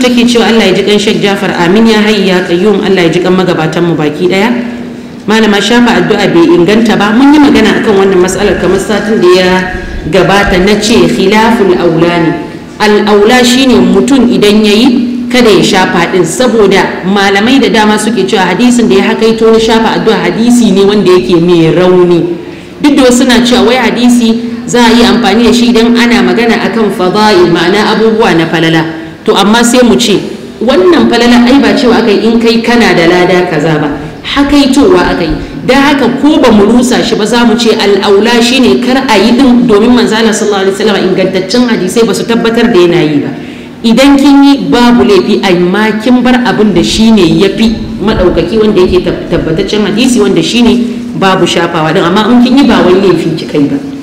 take cewa Allah ya ji kan Jafar Amin ya hayya ya qayyum Allah ya ji kan magabatan mu baki daya malama shafa addu'a bai inganta ba mun yi magana akan wannan matsalar kamar satin da ya gabata na ce khilaful aula ne al'aula shine mutum idan yayi kada ya shafa din saboda malamai da dama suke cewa hadisin da ya hakaito na shafa addu'a hadisi ne wanda yake mai rauni duk da wasu cewa wai hadisi za a yi amfani da shi idan ana magana akan fada'il ma'ana abubuwa na falala to amma sai mu ce wannan falala ai ba cewa aka in kai kana da lada kaza ba hakaitowa aka yi da haka ko ba mu rusa shi ba za mu ce al'aula shine kar a yi din domin manzala sallallahu alaihi wasallam ingantaccen hadisai ba su tabbatar da yana yi ba idan kin yi babu laifi amma kin bar abin da shi ne ya fi madaukaki wanda yake tabbataccen hadisi wanda shi ne babu shafawa din amma in kin yi ba wani laifi kai ba